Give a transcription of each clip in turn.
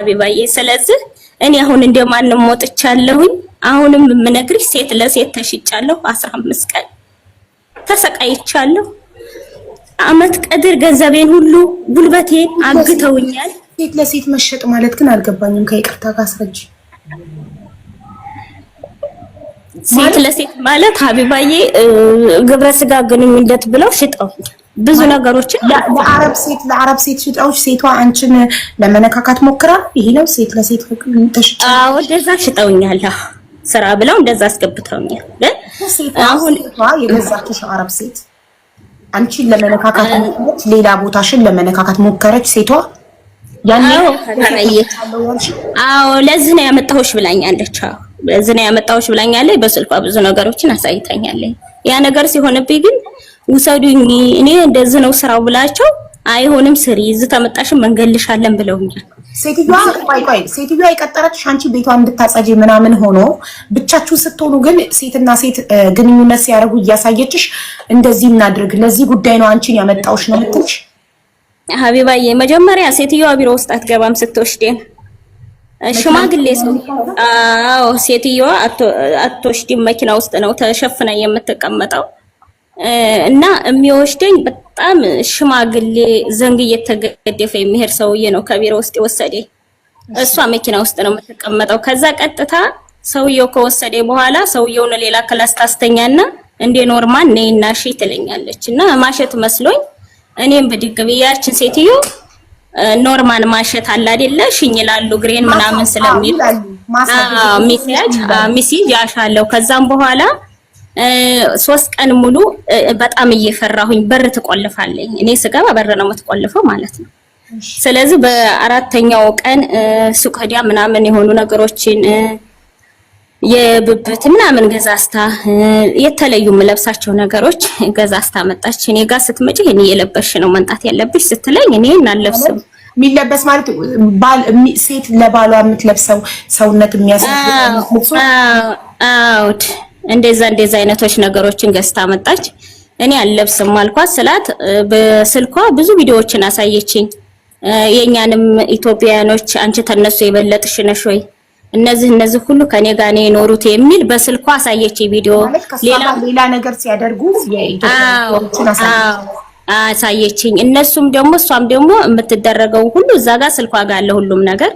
ሀቢባዬ ስለዚህ እኔ አሁን እንደማንም ሞጥቻለሁኝ። አሁንም የምነግርሽ ሴት ለሴት ተሽጫለሁ። አስራ አምስት ቀን ተሰቃይቻለሁ። አመት ቀድር ገንዘቤን ሁሉ ጉልበቴን አግተውኛል። ሴት ለሴት መሸጥ ማለት ግን አልገባኝም። ከይቅርታ ጋር አስረጅ ሴት ለሴት ማለት ሀቢባዬ ግብረ ስጋ ግንኙነት ብለው ሽጠው ብዙ ነገሮችን ለአረብ ሴት ለአረብ ሴት ሽጠው ሴቷ አንቺን ለመነካካት ሞክራ ይሄ ነው ሴት ለሴት ፍቅር ተሽጠ። አዎ እንደዛ ሽጠውኛል። ስራ ብለው እንደዛ አስገብተውኛል። አሁን የገዛችሽ አረብ ሴት አንቺን ለመነካካት ሞክረች ሌላ ቦታሽን ለመነካካት ሞከረች ሴቷ ያኔ። አዎ ለዚህ ነው ያመጣሁሽ ብላኛለች። አዎ እዚህ ነው ያመጣሁሽ ብላኛለች። በስልኳ ብዙ ነገሮችን አሳይታኛለች። ያ ነገር ሲሆንብኝ ግን ውሰዱኝ እኔ እንደዚህ ነው ስራው ብላቸው አይሆንም ስሪ እዚህ ተመጣሽ መንገልሻለን ብለውኛል። ሴትዮዋ ቆይ ቆይ ሴትዮዋ የቀጠረችሽ አንቺ ቤቷን እንድታጸጂ ምናምን ሆኖ ብቻችሁ ስትሆኑ ግን ሴትና ሴት ግንኙነት ሲያደርጉ እያሳየችሽ እንደዚህ እናድርግ፣ ለዚህ ጉዳይ ነው አንቺን ያመጣውሽ ነው የምትልሽ ሀቢባዬ። መጀመሪያ ሴትዮዋ ቢሮ ውስጥ አትገባም ስትወስደን ሽማግሌ ሰው አዎ፣ ሴትዮዋ አትወሽድም መኪና ውስጥ ነው ተሸፍና የምትቀመጠው። እና የሚወስደኝ በጣም ሽማግሌ ዘንግ እየተገደፈ የሚሄድ ሰውዬ ነው ከቢሮ ውስጥ የወሰደኝ። እሷ መኪና ውስጥ ነው የምትቀመጠው። ከዛ ቀጥታ ሰውየው ከወሰደ በኋላ ሰውየውን ሌላ ክላስ ታስተኛና እንደ ኖርማል ነይና ሺ ትለኛለች። እና ማሸት መስሎኝ እኔም ብድግ ብዬ ሴትዮ ኖርማል ማሸት አለ አይደለ? ሽኝ ላሉ ግሬን ምናምን ስለሚል ሚሴጅ ሚሴጅ ያሻለው። ከዛም በኋላ ሶስት ቀን ሙሉ በጣም እየፈራሁኝ በር ትቆልፋለኝ። እኔ ስገባ በር ነው የምትቆልፈው ማለት ነው። ስለዚህ በአራተኛው ቀን ሱቅ ምናምን የሆኑ ነገሮችን የብብት ምናምን ገዛስታ የተለዩ የምለብሳቸው ነገሮች ገዛስታ መጣች። እኔ ጋር ስትመጪ እኔ የለበሽ ነው መምጣት ያለብሽ ስትለኝ እኔ አልለብስም። የሚለበስ ማለት ባል ሴት ለባሏ የምትለብሰው ሰውነት የሚያሳውቁ እንደዛ እንደዛ አይነቶች ነገሮችን ገዝታ መጣች። እኔ አልለብስም አልኳት ስላት በስልኳ ብዙ ቪዲዮዎችን አሳየችኝ። የእኛንም ኢትዮጵያኖች አንቺ ተነሱ የበለጥሽ ነሽ ወይ እነዚህ እነዚህ ሁሉ ከኔ ጋር ነው የኖሩት የሚል በስልኳ አሳየች ቪዲዮ። ሌላ ሌላ ነገር ሲያደርጉ አሳየችኝ። እነሱም ደግሞ እሷም ደግሞ የምትደረገው ሁሉ እዛ ጋር ስልኳ ጋር አለ ሁሉም ነገር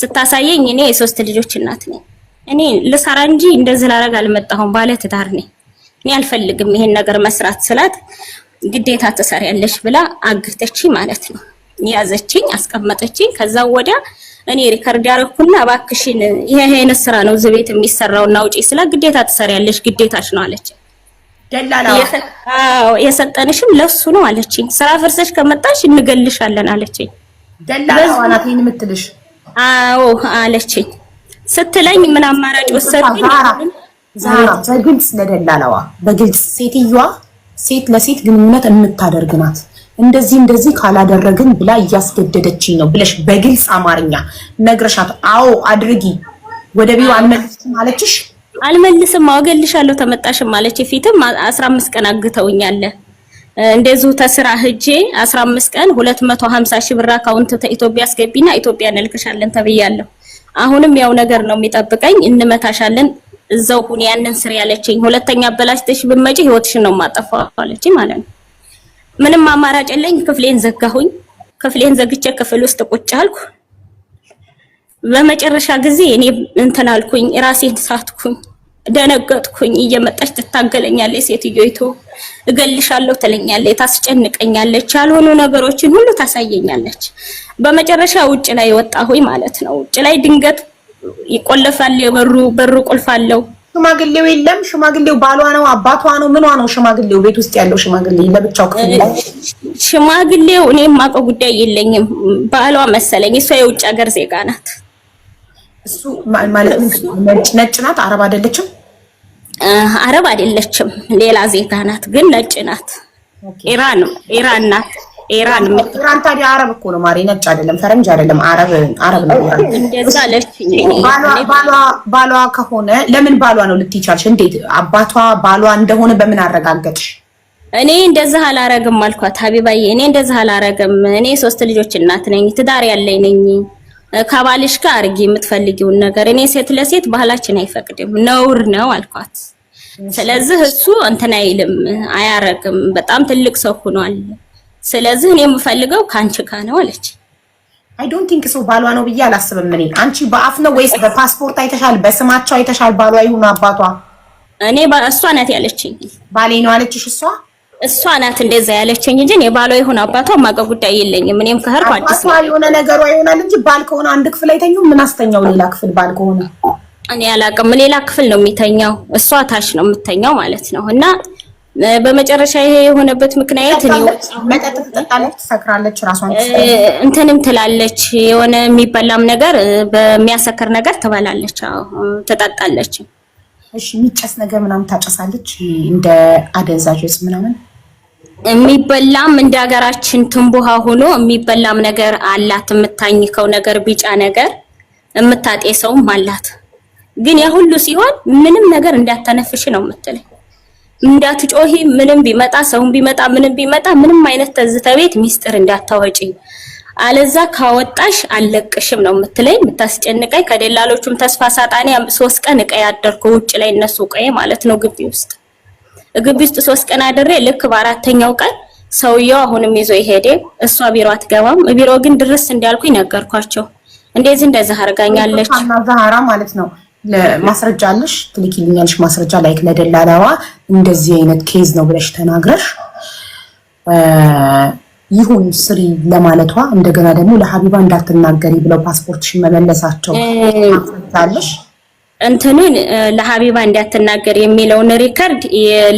ስታሳየኝ። እኔ የሶስት ልጆች እናት ነኝ። እኔ ልሰራ እንጂ እንደዚህ ላረግ አልመጣሁም። ባለ ትዳር ነኝ እኔ አልፈልግም ይሄን ነገር መስራት ስላት፣ ግዴታ ትሰሪያለሽ ብላ አግርተች ማለት ነው። ያዘችኝ፣ አስቀመጠችኝ። ከዛ ወዲያ እኔ ሪከርድ ያረኩና እባክሽን ይሄ አይነት ስራ ነው እዚህ የሚሰራው እና ውጪ ስለ ግዴታ ትሰሪያለሽ፣ ግዴታሽ ነው አለች። አዎ የሰጠንሽም ለሱ ነው አለችኝ። ስራ ፍርሰሽ ከመጣሽ እንገልሻለን አለችኝ። ደላላው ናት ይሄን የምትልሽ? አዎ አለችኝ። ስትለኝ ምን አማራጭ ወሰድኩኝ? ዛራ በግልጽ ለደላላዋ በግልጽ ሴትዮዋ ሴት ለሴት ግንኙነት የምታደርግ ናት። እንደዚህ እንደዚህ ካላደረግን ብላ እያስገደደችኝ ነው ብለሽ በግልጽ አማርኛ ነግረሻት፣ አዎ አድርጊ ወደ ቢሮ አልመልስም አለችሽ? አልመልስም አወገልሻለሁ ተመጣሽም አለች። ፊትም አስራ አምስት ቀን አግተውኛለ እንደዚሁ ተስራ ህጄ 15 ቀን 250 ሺህ ብር አካውንት ኢትዮጵያ አስገቢና ኢትዮጵያ እንልክሻለን ተብያለሁ። አሁንም ያው ነገር ነው የሚጠብቀኝ። እንመታሻለን እዛው ሁን ያንን ስር ያለችኝ። ሁለተኛ አበላሽተሽ ብትመጪ ህይወትሽን ነው ማጠፋው አለችኝ ማለት ነው። ምንም አማራጭ የለኝ። ክፍሌን ዘጋሁኝ። ክፍሌን ዘግቼ ክፍል ውስጥ ቁጭ አልኩ። በመጨረሻ ጊዜ እኔ እንትን አልኩኝ፣ ራሴን ሳትኩኝ፣ ደነገጥኩኝ። እየመጣች ትታገለኛለች ሴትዮይቱ። እገልሻለሁ ትለኛለች፣ ታስጨንቀኛለች፣ ያልሆኑ ነገሮችን ሁሉ ታሳየኛለች። በመጨረሻ ውጭ ላይ ወጣሁኝ ማለት ነው። ውጭ ላይ ድንገት ይቆለፋል የበሩ በሩ ቁልፍ አለው። ሽማግሌው የለም። ሽማግሌው ባሏ ነው፣ አባቷ ነው፣ ምኗ ነው? ሽማግሌው ቤት ውስጥ ያለው ሽማግሌ ለብቻው ክፍል ሽማግሌው እኔ የማውቀው ጉዳይ የለኝም። ባሏ መሰለኝ። እሷ የውጭ ሀገር ዜጋ ናት። እሱ ማለት ነጭ ናት። አረብ አይደለችም። አረብ አይደለችም። ሌላ ዜጋ ናት፣ ግን ነጭ ናት። ኢራን ኢራን ናት። ኢራን ኢራን ታዲያ አረብ እኮ ነው ማሪ፣ ነጭ አይደለም፣ ፈረንጅ አይደለም፣ አረብ አረብ ነው። እንደዛ አለችኝ። ባሏ ከሆነ ለምን ባሏ ነው ልትይቻልሽ? እንዴት አባቷ ባሏ እንደሆነ በምን አረጋገጥሽ? እኔ እንደዛ አላረግም አልኳት። ሀቢባዬ እኔ እንደዛ አላረግም። እኔ ሶስት ልጆች እናት ነኝ፣ ትዳር ያለኝ ነኝ። ከባልሽ ጋር አርጊ የምትፈልጊውን ነገር። እኔ ሴት ለሴት ባህላችን አይፈቅድም፣ ነውር ነው አልኳት። ስለዚህ እሱ እንትን አይልም፣ አያረግም። በጣም ትልቅ ሰው ሆኗል። ስለዚህ እኔ የምፈልገው ከአንቺ ጋ ነው አለች። አይ ዶንት ቲንክ ሶ ባሏ ነው ብዬ አላስብም። እኔ አንቺ በአፍ ነው ወይስ በፓስፖርት አይተሻል? በስማቸው አይተሻል? ባሏ ይሁን አባቷ። እኔ እሷ ናት ያለችኝ። ባሌ ነው አለችሽ እሷ እሷ ናት እንደዛ ያለችኝ እንጂ እኔ ባሏ ይሁን አባቷ የማውቀው ጉዳይ የለኝም። እኔም ከሄድኩ አዲስ ነው የሆነ ነገሯ ይሆናል እንጂ ባል ከሆነ አንድ ክፍል አይተኙም። ምን አስተኛው ሌላ ክፍል ባል ከሆነ እኔ አላውቅም። ሌላ ክፍል ነው የሚተኛው፣ እሷ ታች ነው የምተኛው ማለት ነው እና በመጨረሻ ይሄ የሆነበት ምክንያት መጠጥ ትጠጣለች፣ ትሰክራለች፣ ራሷን እንትንም ትላለች። የሆነ የሚበላም ነገር በሚያሰክር ነገር ትበላለች፣ ትጠጣለች። እሺ፣ የሚጨስ ነገር ምናምን ታጨሳለች፣ እንደ አደንዛዥ ዕፅ ምናምን የሚበላም እንደ ሀገራችን ትንቡሃ ሆኖ የሚበላም ነገር አላት። የምታኝከው ነገር ቢጫ ነገር ሰውም አላት። ግን ያ ሁሉ ሲሆን ምንም ነገር እንዳታነፍሽ ነው የምትለኝ እንዳትጮሂ ምንም ቢመጣ ሰውን ቢመጣ ምንም ቢመጣ ምንም አይነት ተዝተ ቤት ሚስጥር እንዳታወጪ፣ አለዛ ካወጣሽ አለቅሽም ነው የምትለኝ። የምታስጨንቀኝ ከደላሎቹም ተስፋ ሳጣኔ ሶስት ቀን እቃ አደርኩ ውጭ ላይ እነሱ ቀይ ማለት ነው ግቢ ውስጥ ግቢ ውስጥ ሶስት ቀን አድሬ ልክ በአራተኛው ቀን ሰውየው አሁንም ይዞ ይሄዴ። እሷ ቢሮ አትገባም። ቢሮ ግን ድርስ እንዳልኩኝ ነገርኳቸው። እንደዚህ እንደዛ አርጋኛለች ማለት ነው ማስረጃ አለሽ ትልኪልኛለሽ ማስረጃ ላይክ ለደላላዋ እንደዚህ አይነት ኬዝ ነው ብለሽ ተናግረሽ ይሁን ስሪ ለማለቷ እንደገና ደግሞ ለሀቢባ እንዳትናገሪ ብለው ፓስፖርትሽን መመለሳቸው ታለሽ እንትኑን ለሀቢባ እንዳትናገር የሚለውን ሪከርድ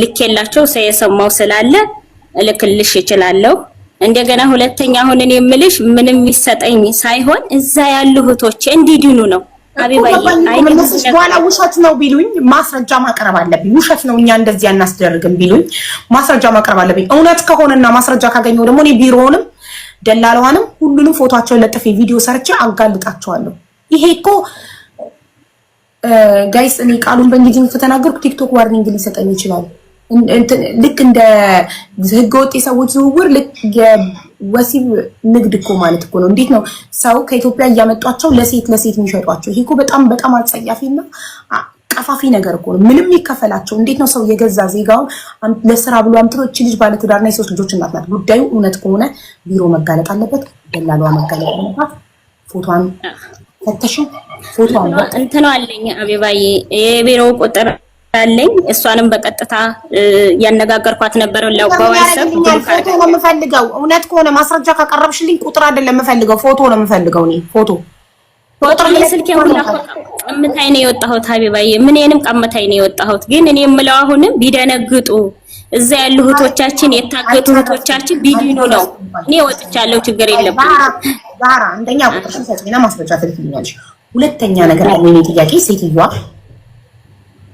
ልኬላቸው ሰው የሰማው ስላለ እልክልሽ ይችላለሁ። እንደገና ሁለተኛ አሁን የምልሽ ምንም የሚሰጠኝ ሳይሆን እዛ ያሉ እህቶች እንዲድኑ ነው። ከመለሰች በኋላ ውሸት ነው ቢሉኝ ማስረጃ ማቅረብ አለብኝ። ውሸት ነው እኛ እንደዚህ አናስደርግም ቢሉኝ ማስረጃ ማቅረብ አለብኝ። እውነት ከሆነና ማስረጃ ካገኘው ደግሞ እኔ ቢሮውንም ደላለዋንም ሁሉንም ፎቶቸውን ለጥፌ ቪዲዮ ሰርቼ አጋልጣቸዋለሁ። ይሄ እኮ ጋይስ፣ እኔ ቃሉን በእንግሊዝኛ ከተናገርኩ ቲክቶክ ዋርኒንግ ሊሰጠኝ ይችላል። ልክ እንደ ህገወጥ የሰዎች ዝውውር ልክ ወሲብ ንግድ እኮ ማለት እኮ ነው። እንዴት ነው ሰው ከኢትዮጵያ እያመጧቸው ለሴት ለሴት የሚሸጧቸው? ይሄ እኮ በጣም በጣም አጸያፊና ቀፋፊ ነገር እኮ ነው። ምንም ይከፈላቸው። እንዴት ነው ሰው የገዛ ዜጋውን ለስራ ብሎ አምጥቶ እቺ ልጅ ባለትዳርና የሶስት ልጆች እናት ናት። ጉዳዩ እውነት ከሆነ ቢሮ መጋለጥ አለበት፣ ደላሏ መጋለጥ አለባት። ፎቷን ፈተሹ። ፎቷን አለኝ አቤባዬ የቢሮው ቁጥር አለኝ። እሷንም በቀጥታ ያነጋገርኳት ነበር። ለዋትስአፕ ፎቶ ነው የምፈልገው። እውነት ከሆነ ማስረጃ ካቀረብሽልኝ ቁጥር አይደለም የምፈልገው፣ ፎቶ ነው የምፈልገው። እኔ ፎቶ ቁጥር ነው የወጣሁት። ሀቢባዬ ምንንም ቀምታይ ነው የወጣሁት። ግን እኔ የምለው አሁንም ቢደነግጡ እዛ ያሉ እህቶቻችን የታገቱ እህቶቻችን ቢድኑ ነው። እኔ ወጥቻለሁ፣ ችግር ዛራ አንደኛ ማስረጃ ትልክልኛለሽ። ሁለተኛ ነገር እኔ ጥያቄ ሴትዮዋ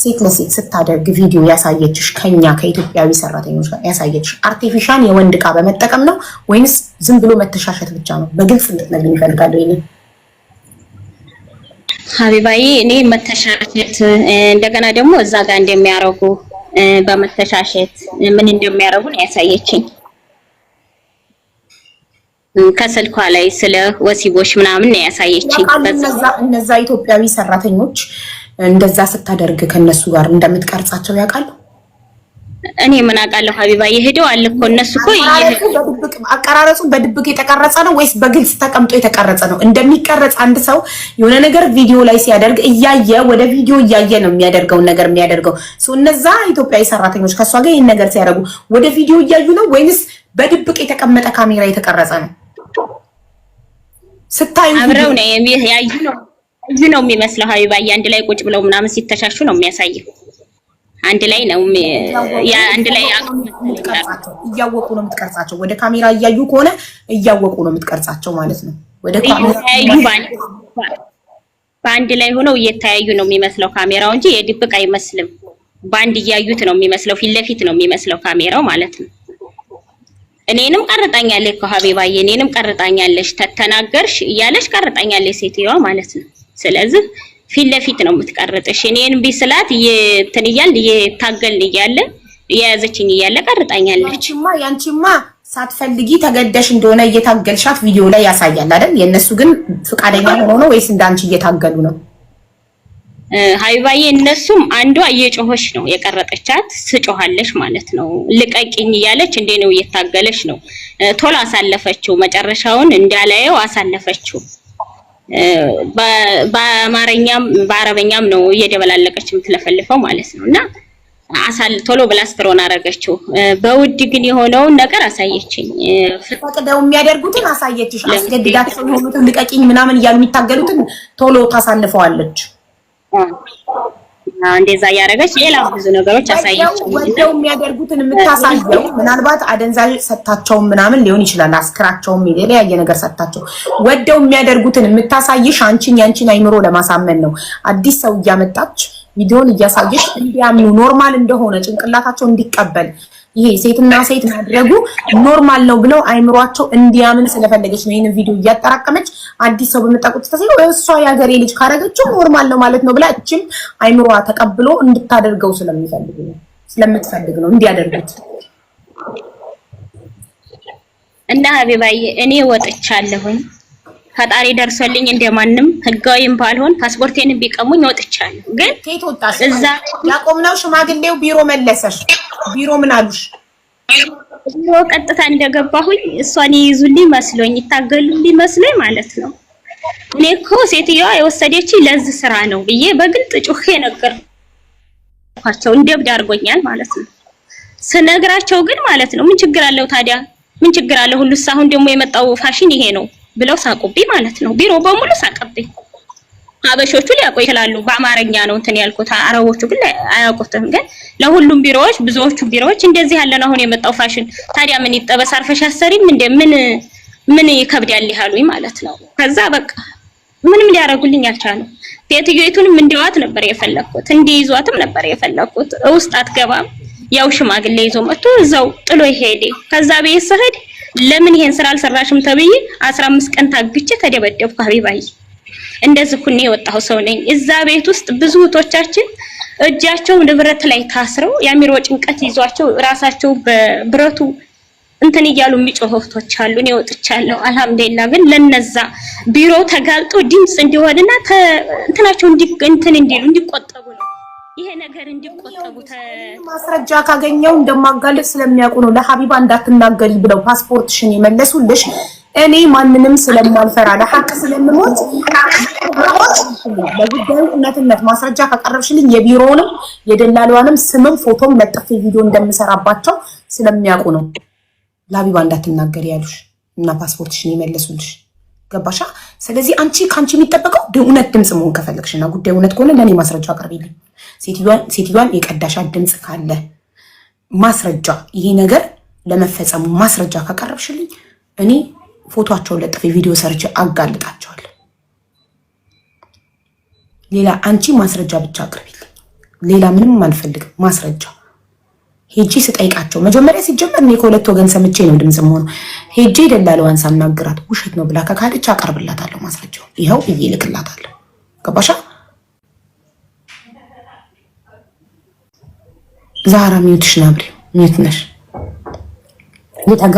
ሴት ለሴት ስታደርግ ቪዲዮ ያሳየችሽ ከኛ ከኢትዮጵያዊ ሰራተኞች ጋር ያሳየችሽ አርቲፊሻል የወንድ እቃ በመጠቀም ነው ወይንስ ዝም ብሎ መተሻሸት ብቻ ነው? በግልጽ እንድትነግሪኝ እፈልጋለሁ። ይሄን ሀቢባዬ፣ እኔ መተሻሸት እንደገና ደግሞ እዛ ጋር እንደሚያረጉ በመተሻሸት ምን እንደሚያረጉ ነው ያሳየችኝ። ከስልኳ ላይ ስለ ወሲቦች ምናምን ነው ያሳየችኝ። እነዛ ኢትዮጵያዊ ሰራተኞች እንደዛ ስታደርግ ከነሱ ጋር እንደምትቀርጻቸው ያውቃሉ። እኔ ምን አውቃለሁ ሀቢባ የሄደው አለ እኮ እነሱ እኮ አቀራረጹ በድብቅ የተቀረጸ ነው ወይስ በግልጽ ተቀምጦ የተቀረጸ ነው? እንደሚቀረጽ አንድ ሰው የሆነ ነገር ቪዲዮ ላይ ሲያደርግ እያየ ወደ ቪዲዮ እያየ ነው የሚያደርገውን ነገር የሚያደርገው ሰው። እነዛ ኢትዮጵያዊ ሰራተኞች ከእሷ ጋር ይህን ነገር ሲያደርጉ ወደ ቪዲዮ እያዩ ነው ወይንስ በድብቅ የተቀመጠ ካሜራ የተቀረጸ ነው? ስታዩ አብረው ነው ያዩ ነው እዚህ ነው የሚመስለው ሀቢባዬ አንድ ላይ ቁጭ ብለው ምናምን ሲተሻሹ ነው የሚያሳየው። አንድ ላይ ነው አንድ ላይ እያወቁ ነው የምትቀርጻቸው። ወደ ካሜራ እያዩ ከሆነ እያወቁ ነው የምትቀርጻቸው ማለት ነው። ወደ በአንድ ላይ ሆነው እየተያዩ ነው የሚመስለው ካሜራው እንጂ የድብቅ አይመስልም። በአንድ እያዩት ነው የሚመስለው፣ ፊት ለፊት ነው የሚመስለው ካሜራው ማለት ነው። እኔንም ቀርጣኛለች እኮ ሀቢባዬ፣ እኔንም ቀርጣኛለች ተተናገርሽ እያለች ቀርጣኛለች ሴትዮዋ ማለት ነው። ስለዚህ ፊት ለፊት ነው የምትቀርጥሽ። እኔን ቢስላት እንትን እያል እየታገልን እያለ የያዘችኝ እያለ ቀርጣኛለች። አንቺማ ያንቺማ ሳትፈልጊ ተገደሽ እንደሆነ እየታገልሻት ቪዲዮ ላይ ያሳያል አይደል? የእነሱ ግን ፍቃደኛ ሆኖ ነው ወይስ እንዳንቺ እየታገሉ ነው? ሀይባዬ እነሱም አንዷ እየጮኸች ነው የቀረጠቻት። ስጮሃለች ማለት ነው ልቀቂኝ እያለች እንዴ ነው እየታገለች ነው። ቶሎ አሳለፈችው፣ መጨረሻውን እንዳላየው አሳለፈችው። በአማርኛም በአረበኛም ነው እየደበላለቀች የምትለፈልፈው ማለት ነው። እና አሳል ቶሎ ብላ ስትሮን አደረገችው። በውድ ግን የሆነውን ነገር አሳየችኝ። ፈቅደው የሚያደርጉትን አሳየችሽ። አስገድዳቸው የሆኑትን ልቀቂኝ ምናምን እያሉ የሚታገሉትን ቶሎ ታሳልፈዋለች። እንደዛ እያደረገች ሌላ ብዙ ነገሮች አሳየች። ወደው የሚያደርጉትን የምታሳየው ምናልባት አደንዛዥ ሰታቸውን ምናምን ሊሆን ይችላል። አስክራቸውም የተለያየ ነገር ሰታቸው ወደው የሚያደርጉትን የምታሳይሽ አንቺን ያንቺን አይምሮ ለማሳመን ነው። አዲስ ሰው እያመጣች ቪዲዮን እያሳየች እንዲያምኑ ኖርማል እንደሆነ ጭንቅላታቸው እንዲቀበል ይሄ ሴትና ሴት ማድረጉ ኖርማል ነው ብለው አይምሯቸው እንዲያምን ስለፈለገች ነው ይሄንን ቪዲዮ እያጠራቀመች አዲስ ሰው በመጣ ቁጥር እሷ የሀገሬ ልጅ ካረገችው ኖርማል ነው ማለት ነው ብላ እችም አይምሯ ተቀብሎ እንድታደርገው ስለሚፈልግ ነው ስለምትፈልግ ነው እንዲያደርጉት። እና ሀቢባዬ እኔ ወጥቻለሁኝ። ፈጣሪ ደርሶልኝ እንደማንም ህጋዊም ባልሆን ፓስፖርቴንም ቢቀሙኝ ወጥቻለሁ። ግን እዛ ያቆምነው ሽማግሌው ቢሮ መለሰሽ ቢሮ ምን አሉሽ? ቢሮ ቀጥታ እንደገባሁኝ እሷን ይይዙልኝ መስሎኝ ይታገሉልኝ መስሎኝ ማለት ነው። እኔ እኮ ሴትዮዋ የወሰደችኝ ለዚህ ስራ ነው ብዬ በግልጥ ጩኼ ነገርኳቸው። እንደ እብድ አድርጎኛል ማለት ነው። ስነግራቸው ግን ማለት ነው ምን ችግር አለው ታዲያ ምን ችግር አለው? ሁሉ አሁን ደግሞ የመጣው ፋሽን ይሄ ነው ብለው ሳቁብኝ ማለት ነው። ቢሮ በሙሉ ሳቀብኝ። ሀበሾቹ ሊያውቁ ይችላሉ። በአማርኛ ነው እንትን ያልኩት። አረቦቹ ግን አያውቁትም። ግን ለሁሉም ቢሮዎች፣ ብዙዎቹ ቢሮዎች እንደዚህ ያለን አሁን የመጣው ፋሽን ታዲያ ምን ይጠበስ? አርፈሽ አሰሪም እንደ ምን ምን ይከብዳል ይላሉኝ ማለት ነው። ከዛ በቃ ምንም ሊያደርጉልኝ አልቻለም። ሴትዮይቱንም እንዲዋት ነበር የፈለኩት፣ እንዲይዟትም ነበር የፈለኩት። ውስጥ አትገባም። ያው ሽማግሌ ይዞ መጥቶ እዛው ጥሎ ይሄዴ። ከዛ ቤት ስሄድ ለምን ይሄን ስራ አልሰራሽም ተብዬ አስራ አምስት ቀን ታግቼ ተደበደብኩ። ሀቢባዬ እንደዚህ ኩኔ የወጣው ሰው ነኝ። እዛ ቤት ውስጥ ብዙ እህቶቻችን እጃቸው ንብረት ላይ ታስረው የአሚሮ ጭንቀት ይዟቸው ራሳቸው በብረቱ እንትን እያሉ የሚጮህ እህቶች አሉ። እኔ ወጥቻለሁ አልሐምዱሊላህ። ግን ለነዛ ቢሮ ተጋልጦ ድምፅ እንዲሆንና እንትናቸው እንትን እንዲሉ እንዲቆጠቡ ነው ይሄ ነገር እንዲቆጠቡ ማስረጃ ካገኘው እንደማጋለጥ ስለሚያውቁ ነው ለሀቢባ እንዳትናገሪ ብለው ፓስፖርትሽን የመለሱልሽ። እኔ ማንንም ስለማልፈራ ለሀቅ ስለምሞት ለጉዳዩ እውነትነት ማስረጃ ካቀረብሽልኝ የቢሮውንም የደላሏንም ስምም ፎቶም ለጥፌ ቪዲዮ እንደምሰራባቸው ስለሚያውቁ ነው ለአቢባ እንዳትናገር ያሉሽ እና ፓስፖርትሽን የመለሱልሽ። ገባሻ? ስለዚህ አንቺ ከአንቺ የሚጠበቀው እውነት ድምፅ መሆን ከፈለግሽ እና ጉዳዩ እውነት ከሆነ ለእኔ ማስረጃ አቅርቢልኝ። ሴትዮዋን የቀዳሻ ድምፅ ካለ ማስረጃ፣ ይሄ ነገር ለመፈጸሙ ማስረጃ ካቀረብሽልኝ እኔ ፎቶቸውን ለጥፌ ቪዲዮ ሰርች አጋልጣቸዋል። ሌላ አንቺ ማስረጃ ብቻ አቅርቢልኝ። ሌላ ምንም አልፈልግም። ማስረጃ ሄጄ ስጠይቃቸው መጀመሪያ ሲጀመር እኔ ከሁለት ወገን ሰምቼ ነው ድምፅ መሆኑ። ሄጄ ደላለዋን ሳናግራት ውሸት ነው ብላ ከካደች አቀርብላታለሁ። ማስረጃው ይኸው ብዬ እልክላታለሁ። ገባሻ? ዛራ ሚዩትሽ ናብሬ ሚዩት ነሽ የት